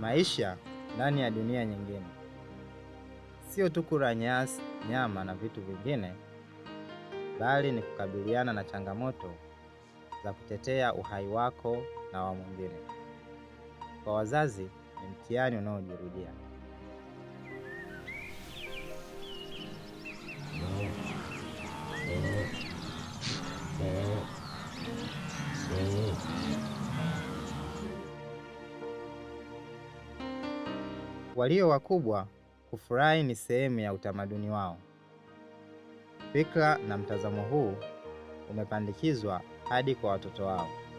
maisha ndani ya dunia nyingine, sio tu kula nyasi, nyama na vitu vingine, bali ni kukabiliana na changamoto za kutetea uhai wako na wa mwingine. Kwa wazazi ni mtihani unaojirudia. Walio wakubwa kufurahi ni sehemu ya utamaduni wao. Fikra na mtazamo huu umepandikizwa hadi kwa watoto wao.